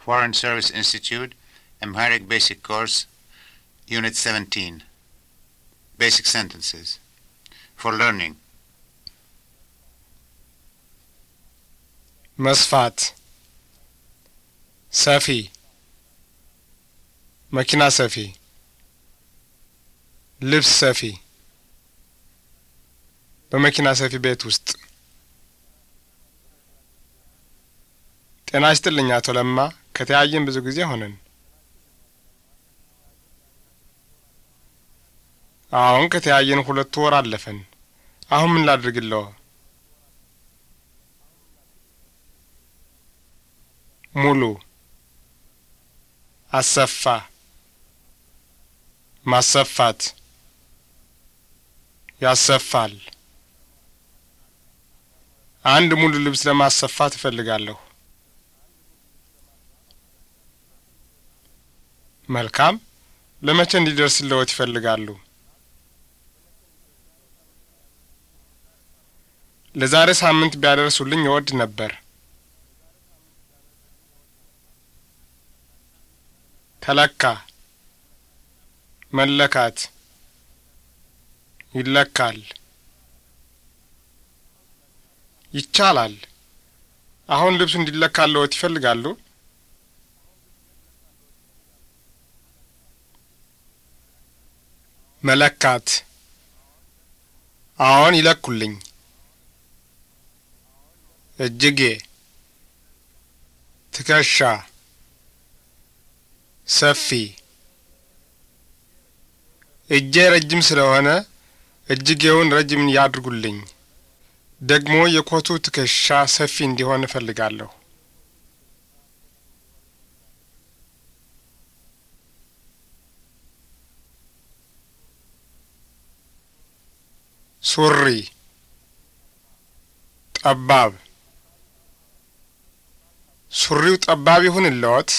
Foreign Service Institute, Amharic Basic Course, Unit 17, Basic Sentences, for Learning. Masfat. Safi. Makinasafi. ሰፊ safi. ሰፊ በመኪና ሰፊ ቤት ውስጥ ጤና ይስጥልኝ አቶ ለማ ከተያየን ብዙ ጊዜ ሆነን። አሁን ከተያየን ሁለት ወር አለፈን። አሁን ምን ላድርግለዋ? ሙሉ አሰፋ፣ ማሰፋት፣ ያሰፋል። አንድ ሙሉ ልብስ ለማሰፋት እፈልጋለሁ። መልካም። ለመቼ እንዲደርስልዎት ይፈልጋሉ? ለዛሬ ሳምንት ቢያደርሱልኝ እወድ ነበር። ተለካ፣ መለካት፣ ይለካል፣ ይቻላል። አሁን ልብሱ እንዲለካልዎት ይፈልጋሉ? መለካት አዎን ይለኩልኝ። እጅጌ፣ ትከሻ፣ ሰፊ። እጄ ረጅም ስለሆነ እጅጌውን ረጅም ያድርጉልኝ። ደግሞ የኮቱ ትከሻ ሰፊ እንዲሆን እፈልጋለሁ። ሱሪ ጠባብ ሱሪው ጠባብ ይሁንልዎት?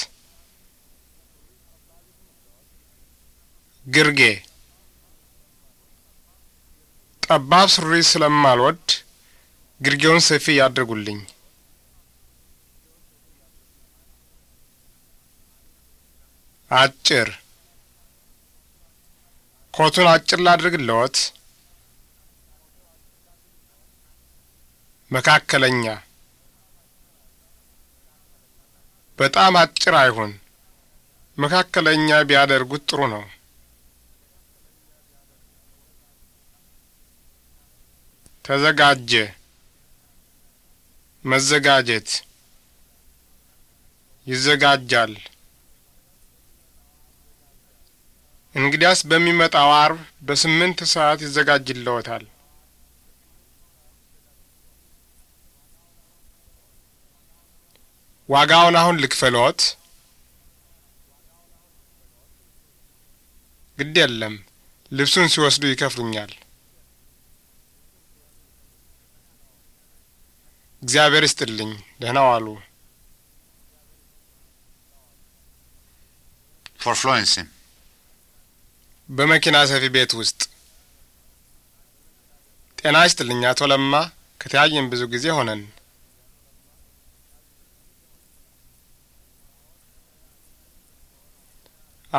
ግርጌ ጠባብ ሱሪ ስለማልወድ ግርጌውን ሰፊ ያድርጉልኝ። አጭር ኮቱን አጭር ላድርግልዎት? መካከለኛ በጣም አጭር አይሁን። መካከለኛ ቢያደርጉት ጥሩ ነው። ተዘጋጀ፣ መዘጋጀት፣ ይዘጋጃል። እንግዲያስ በሚመጣው አርብ በስምንት ሰዓት ይዘጋጅለዎታል። ዋጋውን አሁን ልክፈልዎት? ግድ የለም ልብሱን ሲወስዱ ይከፍሉኛል። እግዚአብሔር ይስጥልኝ፣ ደህና ዋሉ። ፎር ፍሎንስ በመኪና ሰፊ ቤት ውስጥ ጤና ይስጥልኝ አቶ ለማ ከተያየን ብዙ ጊዜ ሆነን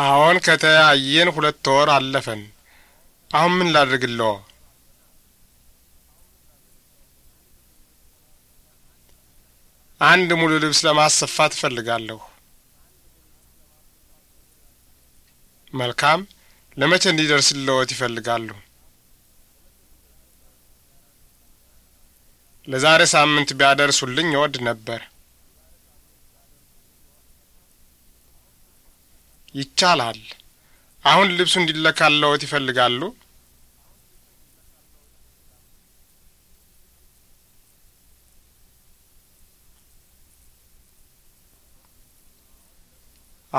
አሁን ከተያየን ሁለት ወር አለፈን። አሁን ምን ላድርግለው? አንድ ሙሉ ልብስ ለማሰፋት እፈልጋለሁ። መልካም። ለመቼ እንዲደርስልዎት ይፈልጋሉ? ለዛሬ ሳምንት ቢያደርሱልኝ እወድ ነበር። ይቻላል። አሁን ልብሱ እንዲለካለዎት ይፈልጋሉ?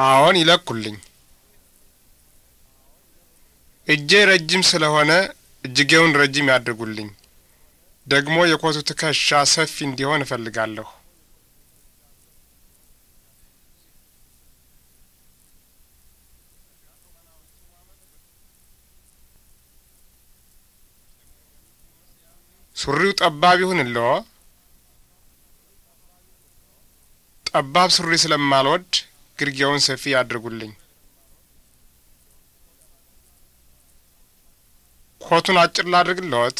አዎን፣ ይለኩልኝ። እጄ ረጅም ስለሆነ እጅጌውን ረጅም ያድርጉልኝ። ደግሞ የኮቱ ትከሻ ሰፊ እንዲሆን እፈልጋለሁ። ሱሪው ጠባብ ይሁንልዎ። ጠባብ ሱሪ ስለማልወድ ግርጌውን ሰፊ ያድርጉልኝ። ኮቱን አጭር ላድርግልዎት።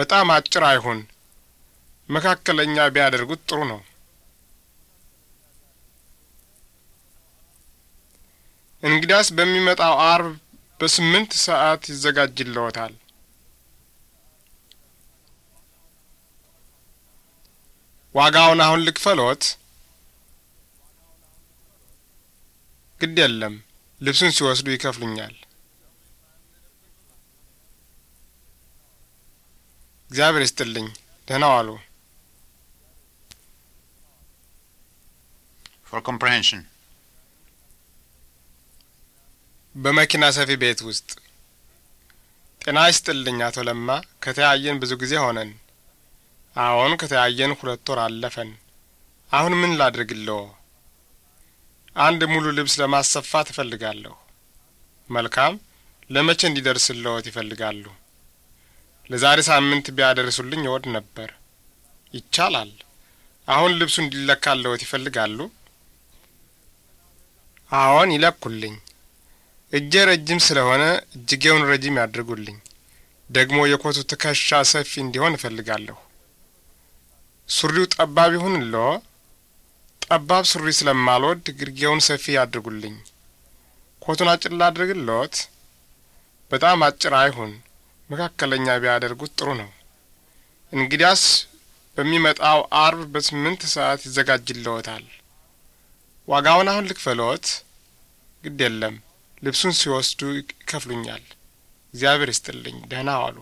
በጣም አጭር አይሁን፣ መካከለኛ ቢያደርጉት ጥሩ ነው። እንግዲያስ በሚመጣው አርብ በስምንት ሰዓት ይዘጋጅልዎታል። ዋጋውን አሁን ልክፈሎት? ግድ የለም፣ ልብሱን ሲወስዱ ይከፍሉኛል። እግዚአብሔር ይስጥልኝ፣ ደህና ዋሉ። For comprehension. በመኪና ሰፊ ቤት ውስጥ ጤና ይስጥልኝ አቶ ለማ። ከተያየን ብዙ ጊዜ ሆነን። አዎን ከተያየን ሁለት ወር አለፈን። አሁን ምን ላድርግልዎ? አንድ ሙሉ ልብስ ለማሰፋት እፈልጋለሁ። መልካም። ለመቼ እንዲደርስለዎት ይፈልጋሉ? ለዛሬ ሳምንት ቢያደርሱልኝ እወድ ነበር። ይቻላል። አሁን ልብሱ እንዲለካልዎት ይፈልጋሉ? አዎን ይለኩልኝ። እጀ ረጅም ስለሆነ እጅጌውን ረጅም ያድርጉልኝ። ደግሞ የኮቱ ትከሻ ሰፊ እንዲሆን እፈልጋለሁ። ሱሪው ጠባብ ይሁን ሎ ጠባብ ሱሪ ስለማልወድ ግርጌውን ሰፊ ያድርጉልኝ። ኮቱን አጭር ላድርግሎት? በጣም አጭር አይሁን፣ መካከለኛ ቢያደርጉት ጥሩ ነው። እንግዲያስ በሚመጣው አርብ በስምንት ሰዓት ይዘጋጅልዎታል። ዋጋውን አሁን ልክፈሎት? ግድ የለም ልብሱን ሲወስዱ ይከፍሉኛል። እግዚአብሔር ይስጥልኝ። ደህና ዋሉ።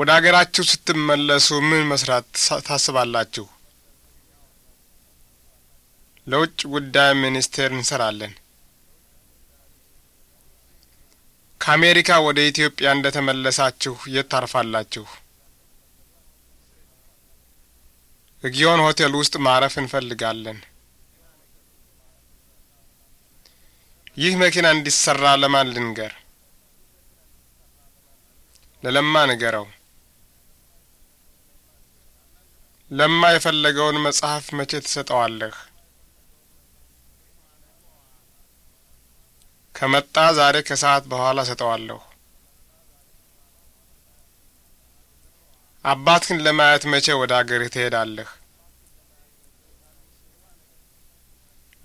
ወደ አገራችሁ ስትመለሱ ምን መስራት ታስባላችሁ? ለውጭ ጉዳይ ሚኒስቴር እንሰራለን። ከአሜሪካ ወደ ኢትዮጵያ እንደ ተመለሳችሁ የት ታርፋላችሁ? ጊዮን ሆቴል ውስጥ ማረፍ እንፈልጋለን። ይህ መኪና እንዲሰራ ለማን ልንገር? ለለማ ንገረው። ለማ የፈለገውን መጽሐፍ መቼ ትሰጠዋለህ? ከመጣ ዛሬ ከሰዓት በኋላ ሰጠዋለሁ። አባትህን ለማየት መቼ ወደ አገርህ ትሄዳለህ?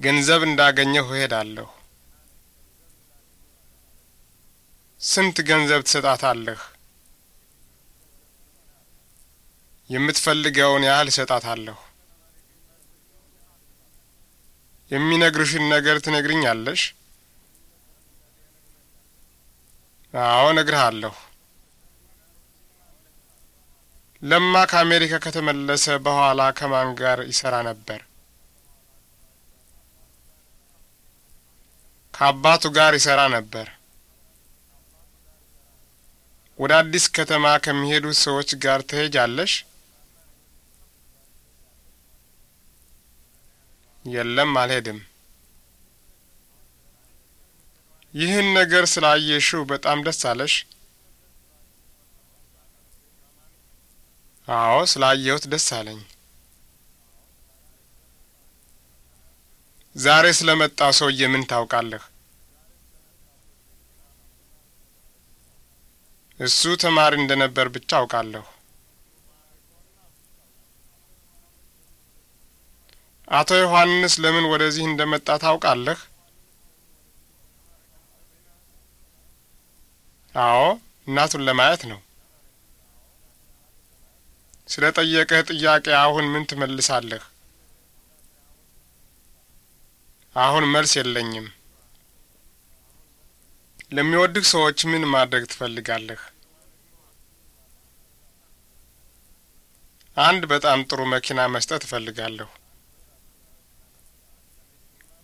ገንዘብ እንዳገኘሁ እሄዳለሁ። ስንት ገንዘብ ትሰጣታለህ? የምትፈልገውን ያህል እሰጣታለሁ። የሚነግርሽን ነገር ትነግርኛለሽ? አዎ እነግርሃለሁ። ለማ ከአሜሪካ ከተመለሰ በኋላ ከማን ጋር ይሰራ ነበር? ከአባቱ ጋር ይሰራ ነበር። ወደ አዲስ ከተማ ከሚሄዱ ሰዎች ጋር ትሄጃለሽ? የለም፣ አልሄድም። ይህን ነገር ስላየሽው በጣም ደስ አለሽ? አዎ፣ ስላየሁት ደስ አለኝ። ዛሬ ስለመጣው ሰውዬ ምን ታውቃለህ? እሱ ተማሪ እንደነበር ብቻ አውቃለሁ። አቶ ዮሐንስ ለምን ወደዚህ እንደመጣ ታውቃለህ? አዎ፣ እናቱን ለማየት ነው። ስለ ጠየቀህ ጥያቄ አሁን ምን ትመልሳለህ? አሁን መልስ የለኝም። ለሚወድህ ሰዎች ምን ማድረግ ትፈልጋለህ? አንድ በጣም ጥሩ መኪና መስጠት እፈልጋለሁ።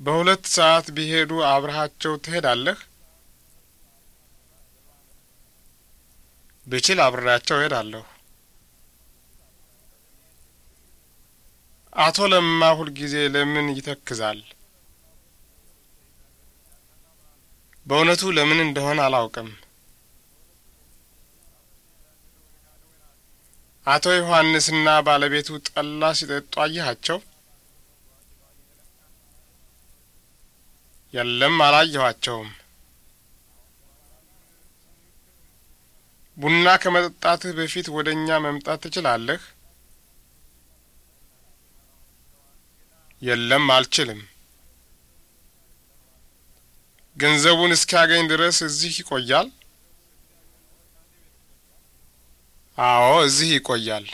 በሁለት ሰዓት ቢሄዱ አብረሃቸው ትሄዳለህ? ብችል አብሬያቸው እሄዳለሁ። አቶ ለማ ሁልጊዜ ለምን ይተክዛል? በእውነቱ ለምን እንደሆነ አላውቅም። አቶ ዮሐንስና ባለቤቱ ጠላ ሲጠጡ አየኋቸው? የለም፣ አላየኋቸውም። ቡና ከመጠጣትህ በፊት ወደ እኛ መምጣት ትችላለህ? የለም፣ አልችልም። ገንዘቡን እስኪያገኝ ድረስ እዚህ ይቆያል? አዎ፣ እዚህ ይቆያል።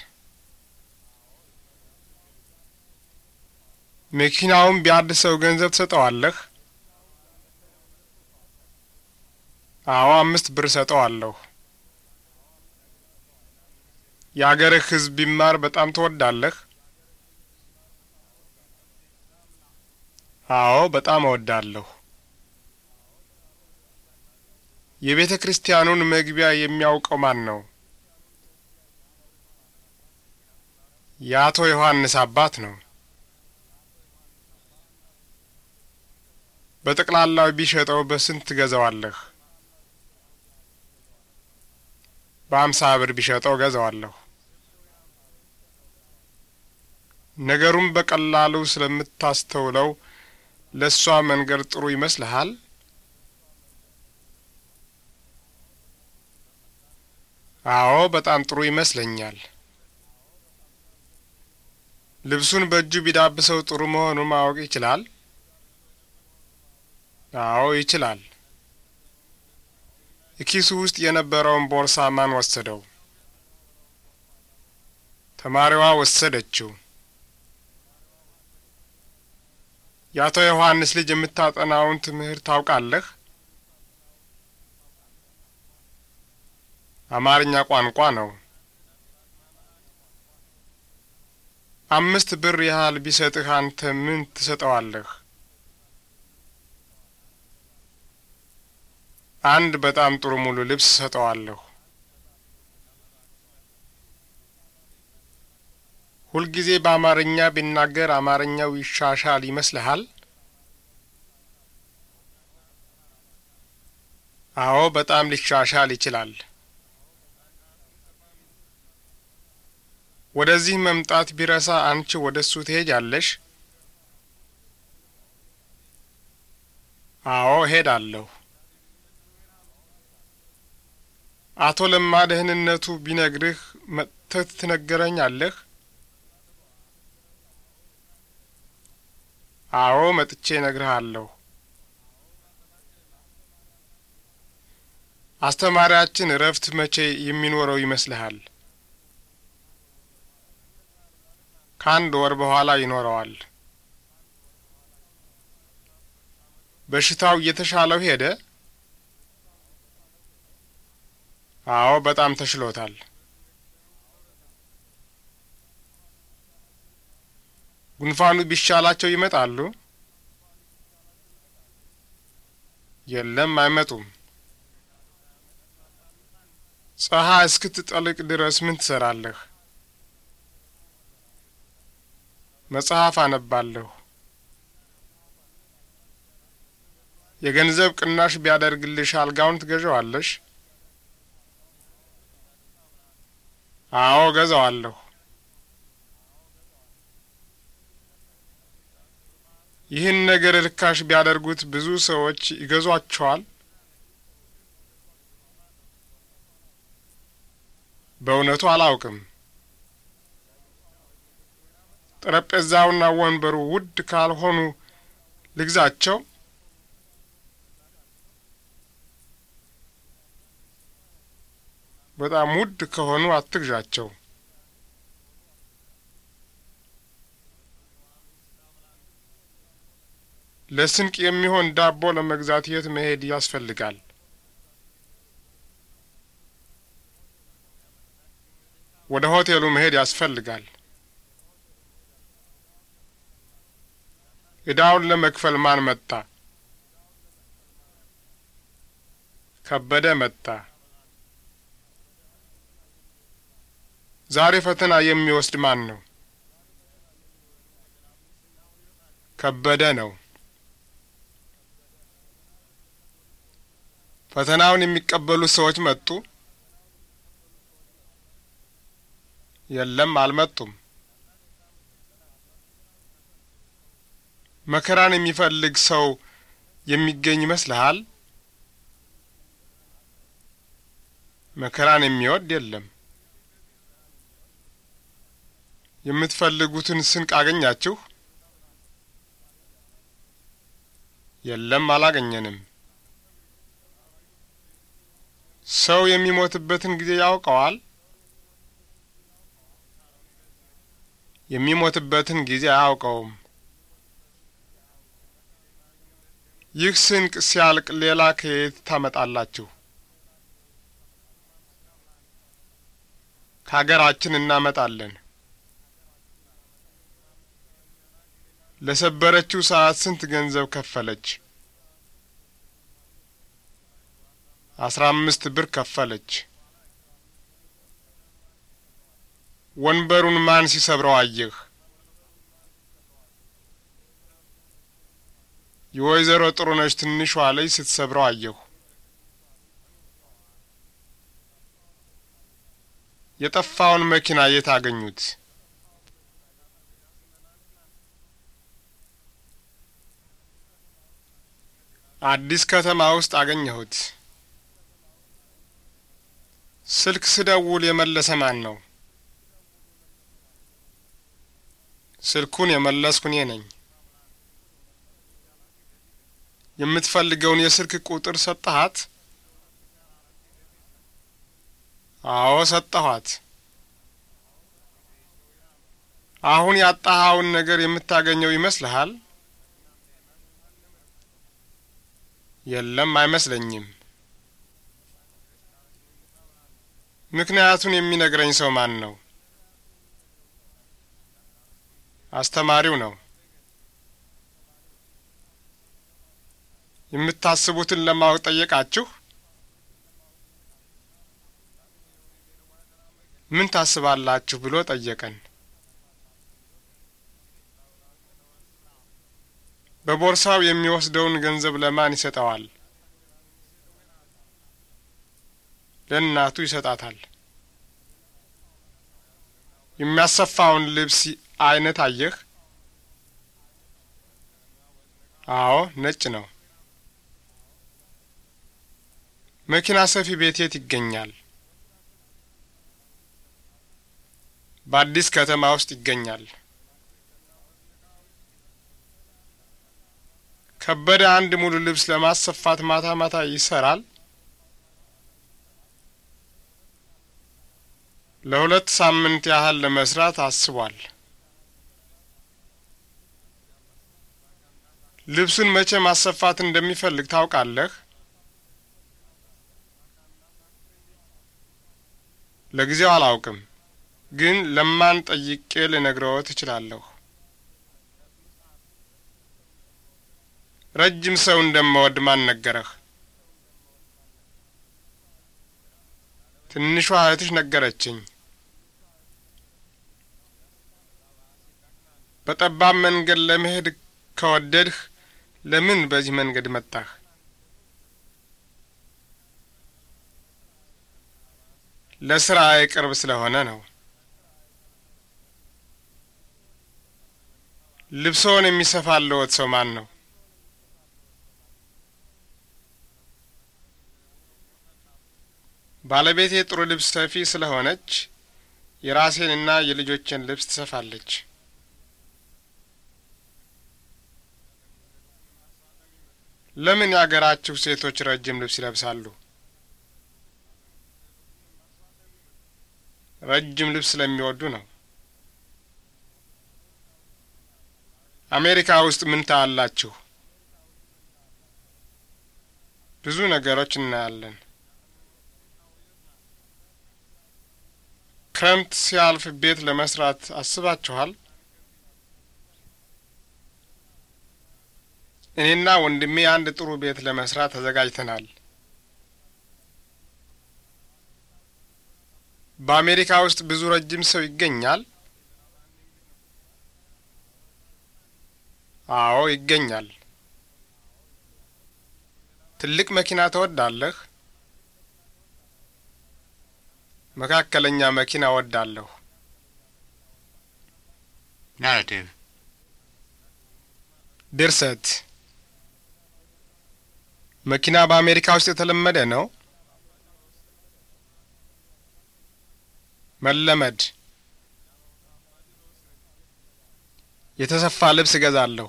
መኪናውን ቢያድሰው ገንዘብ ትሰጠዋለህ? አዎ፣ አምስት ብር ሰጠዋለሁ። የአገርህ ሕዝብ ቢማር በጣም ትወዳለህ? አዎ፣ በጣም እወዳለሁ። የቤተ ክርስቲያኑን መግቢያ የሚያውቀው ማን ነው? የአቶ ዮሐንስ አባት ነው። በጠቅላላው ቢሸጠው በስንት ትገዛዋለህ? በአምሳ ብር ቢሸጠው ገዛዋለሁ። ነገሩን በቀላሉ ስለምታስተውለው ለእሷ መንገድ ጥሩ ይመስልሃል? አዎ በጣም ጥሩ ይመስለኛል። ልብሱን በእጁ ቢዳብሰው ጥሩ መሆኑን ማወቅ ይችላል? አዎ ይችላል። ኪሱ ውስጥ የነበረውን ቦርሳ ማን ወሰደው? ተማሪዋ ወሰደችው። የአቶ ዮሐንስ ልጅ የምታጠናውን ትምህርት ታውቃለህ? አማርኛ ቋንቋ ነው። አምስት ብር ያህል ቢሰጥህ አንተ ምን ትሰጠዋለህ? አንድ በጣም ጥሩ ሙሉ ልብስ እሰጠዋለሁ። ሁልጊዜ በአማርኛ ቢናገር አማርኛው ይሻሻል ይመስልሃል? አዎ፣ በጣም ሊሻሻል ይችላል። ወደዚህ መምጣት ቢረሳ አንቺ ወደ እሱ ትሄጃለሽ? አዎ እሄዳለሁ። አቶ ለማ ደህንነቱ ቢነግርህ መጥተህ ትነግረኛለህ? አዎ መጥቼ እነግርሃለሁ። አስተማሪያችን እረፍት መቼ የሚኖረው ይመስልሃል? ከአንድ ወር በኋላ ይኖረዋል። በሽታው እየተሻለው ሄደ? አዎ፣ በጣም ተሽሎታል። ጉንፋኑ ቢሻላቸው ይመጣሉ? የለም፣ አይመጡም። ፀሐይ እስክትጠልቅ ድረስ ምን ትሰራለህ? መጽሐፍ አነባለሁ። የገንዘብ ቅናሽ ቢያደርግልሽ አልጋውን ትገዣዋለሽ? አዎ ገዛዋለሁ። ይህን ነገር ርካሽ ቢያደርጉት ብዙ ሰዎች ይገዟቸዋል? በእውነቱ አላውቅም። ጠረጴዛውና ወንበሩ ውድ ካልሆኑ ልግዛቸው? በጣም ውድ ከሆኑ አትግዣቸው። ለስንቅ የሚሆን ዳቦ ለመግዛት የት መሄድ ያስፈልጋል? ወደ ሆቴሉ መሄድ ያስፈልጋል። ዕዳውን ለመክፈል ማን መጣ? ከበደ መጣ። ዛሬ ፈተና የሚወስድ ማን ነው? ከበደ ነው። ፈተናውን የሚቀበሉ ሰዎች መጡ? የለም፣ አልመጡም። መከራን የሚፈልግ ሰው የሚገኝ ይመስልሃል? መከራን የሚወድ የለም። የምትፈልጉትን ስንቅ አገኛችሁ? የለም፣ አላገኘንም። ሰው የሚሞትበትን ጊዜ ያውቀዋል? የሚሞትበትን ጊዜ አያውቀውም። ይህ ስንቅ ሲያልቅ ሌላ ከየት ታመጣላችሁ? ከሀገራችን እናመጣለን። ለሰበረችው ሰዓት ስንት ገንዘብ ከፈለች? አስራ አምስት ብር ከፈለች። ወንበሩን ማን ሲሰብረው አየህ? የወይዘሮ ጥሩነሽ ትንሿ ልጅ ስትሰብረው አየሁ። የጠፋውን መኪና የት አገኙት? አዲስ ከተማ ውስጥ አገኘሁት። ስልክ ስደውል የመለሰ ማን ነው? ስልኩን የመለስኩ እኔ ነኝ። የምትፈልገውን የስልክ ቁጥር ሰጠሃት? አዎ ሰጠኋት። አሁን ያጣሃውን ነገር የምታገኘው ይመስልሃል? የለም፣ አይመስለኝም። ምክንያቱን የሚነግረኝ ሰው ማን ነው? አስተማሪው ነው። የምታስቡትን ለማወቅ ጠየቃችሁ? ምን ታስባላችሁ ብሎ ጠየቀን። በቦርሳው የሚወስደውን ገንዘብ ለማን ይሰጠዋል? ለእናቱ ይሰጣታል። የሚያሰፋውን ልብስ አይነት አየህ? አዎ፣ ነጭ ነው። መኪና ሰፊ ቤት የት ይገኛል? በአዲስ ከተማ ውስጥ ይገኛል። ከበደ አንድ ሙሉ ልብስ ለማሰፋት ማታ ማታ ይሰራል። ለሁለት ሳምንት ያህል ለመስራት አስቧል። ልብሱን መቼ ማሰፋት እንደሚፈልግ ታውቃለህ? ለጊዜው አላውቅም፣ ግን ለማን ጠይቄ ልነግረዎት እችላለሁ። ረጅም ሰው እንደምወድ ማን ነገረህ? ትንሿ እህትሽ ነገረችኝ። በጠባብ መንገድ ለመሄድ ከወደድህ ለምን በዚህ መንገድ መጣህ? ለስራ ቅርብ ስለሆነ ነው። ልብሶን የሚሰፋልዎት ሰው ማን ነው? ባለቤቴ ጥሩ ልብስ ሰፊ ስለሆነች የራሴንና የልጆችን ልብስ ትሰፋለች። ለምን የአገራችሁ ሴቶች ረጅም ልብስ ይለብሳሉ? ረጅም ልብስ ስለሚወዱ ነው። አሜሪካ ውስጥ ምን ታያላችሁ? ብዙ ነገሮች እናያለን። ክረምት ሲያልፍ ቤት ለመስራት አስባችኋል? እኔና ወንድሜ አንድ ጥሩ ቤት ለመስራት ተዘጋጅተናል። በአሜሪካ ውስጥ ብዙ ረጅም ሰው ይገኛል? አዎ ይገኛል። ትልቅ መኪና ትወዳለህ? መካከለኛ መኪና እወዳለሁ። ናሬቲቭ ድርሰት መኪና በአሜሪካ ውስጥ የተለመደ ነው? መለመድ የተሰፋ ልብስ እገዛለሁ።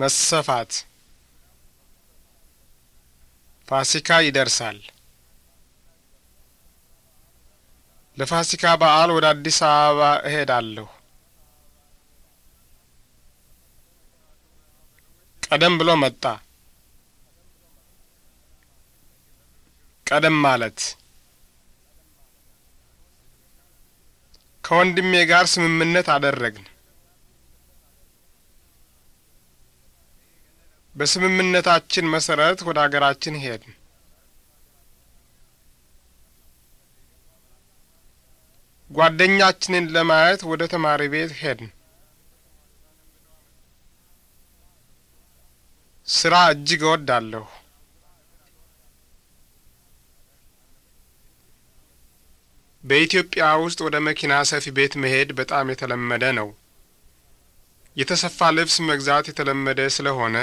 መሰፋት ፋሲካ ይደርሳል። ለፋሲካ በዓል ወደ አዲስ አበባ እሄዳለሁ። ቀደም ብሎ መጣ። ቀደም ማለት ከወንድሜ ጋር ስምምነት አደረግን። በስምምነታችን መሰረት ወደ አገራችን ሄድን። ጓደኛችንን ለማየት ወደ ተማሪ ቤት ሄድን። ስራ እጅግ እወዳለሁ። በኢትዮጵያ ውስጥ ወደ መኪና ሰፊ ቤት መሄድ በጣም የተለመደ ነው። የተሰፋ ልብስ መግዛት የተለመደ ስለሆነ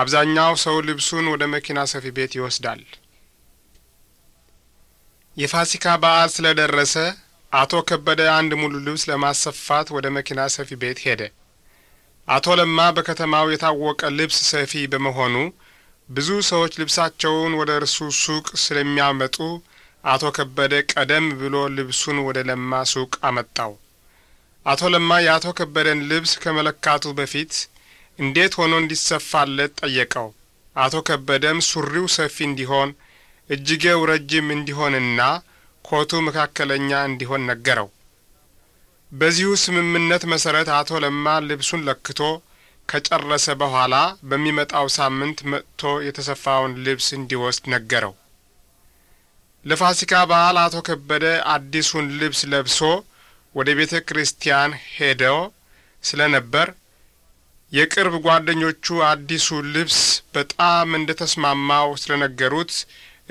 አብዛኛው ሰው ልብሱን ወደ መኪና ሰፊ ቤት ይወስዳል። የፋሲካ በዓል ስለደረሰ አቶ ከበደ አንድ ሙሉ ልብስ ለማሰፋት ወደ መኪና ሰፊ ቤት ሄደ። አቶ ለማ በከተማው የታወቀ ልብስ ሰፊ በመሆኑ ብዙ ሰዎች ልብሳቸውን ወደ እርሱ ሱቅ ስለሚያመጡ አቶ ከበደ ቀደም ብሎ ልብሱን ወደ ለማ ሱቅ አመጣው። አቶ ለማ የአቶ ከበደን ልብስ ከመለካቱ በፊት እንዴት ሆኖ እንዲሰፋለት ጠየቀው። አቶ ከበደም ሱሪው ሰፊ እንዲሆን እጅጌው ረጅም እንዲሆንና ኮቱ መካከለኛ እንዲሆን ነገረው። በዚሁ ስምምነት መሰረት አቶ ለማ ልብሱን ለክቶ ከጨረሰ በኋላ በሚመጣው ሳምንት መጥቶ የተሰፋውን ልብስ እንዲወስድ ነገረው። ለፋሲካ በዓል አቶ ከበደ አዲሱን ልብስ ለብሶ ወደ ቤተ ክርስቲያን ሄደው ስለ ነበር የቅርብ ጓደኞቹ አዲሱ ልብስ በጣም እንደ ተስማማው ስለ ነገሩት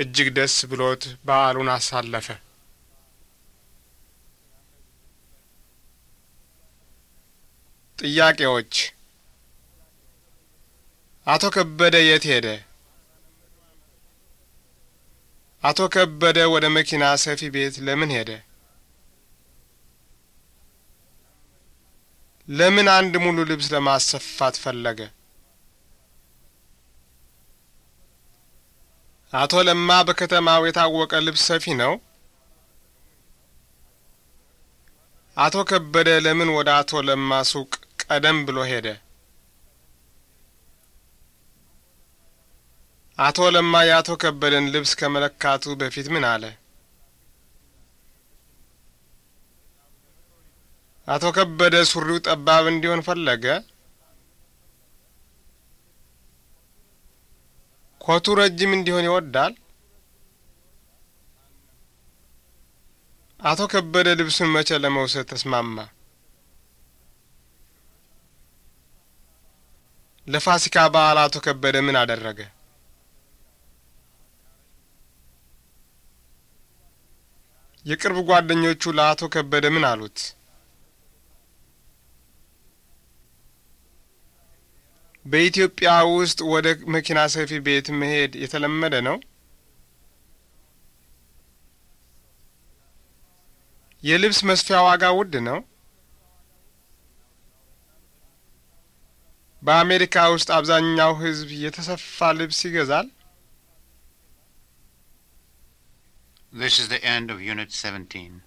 እጅግ ደስ ብሎት በዓሉን አሳለፈ። ጥያቄዎች አቶ ከበደ የት ሄደ? አቶ ከበደ ወደ መኪና ሰፊ ቤት ለምን ሄደ? ለምን አንድ ሙሉ ልብስ ለማሰፋት ፈለገ? አቶ ለማ በከተማው የታወቀ ልብስ ሰፊ ነው። አቶ ከበደ ለምን ወደ አቶ ለማ ሱቅ ቀደም ብሎ ሄደ? አቶ ለማ የአቶ ከበደን ልብስ ከመለካቱ በፊት ምን አለ? አቶ ከበደ ሱሪው ጠባብ እንዲሆን ፈለገ? ኮቱ ረጅም እንዲሆን ይወዳል? አቶ ከበደ ልብሱን መቼ ለመውሰድ ተስማማ? ለፋሲካ በዓል አቶ ከበደ ምን አደረገ? የቅርብ ጓደኞቹ ለአቶ ከበደ ምን አሉት? በኢትዮጵያ ውስጥ ወደ መኪና ሰፊ ቤት መሄድ የተለመደ ነው? የልብስ መስፊያ ዋጋ ውድ ነው? በአሜሪካ ውስጥ አብዛኛው ሕዝብ የተሰፋ ልብስ ይገዛል? This is the end of Unit 17.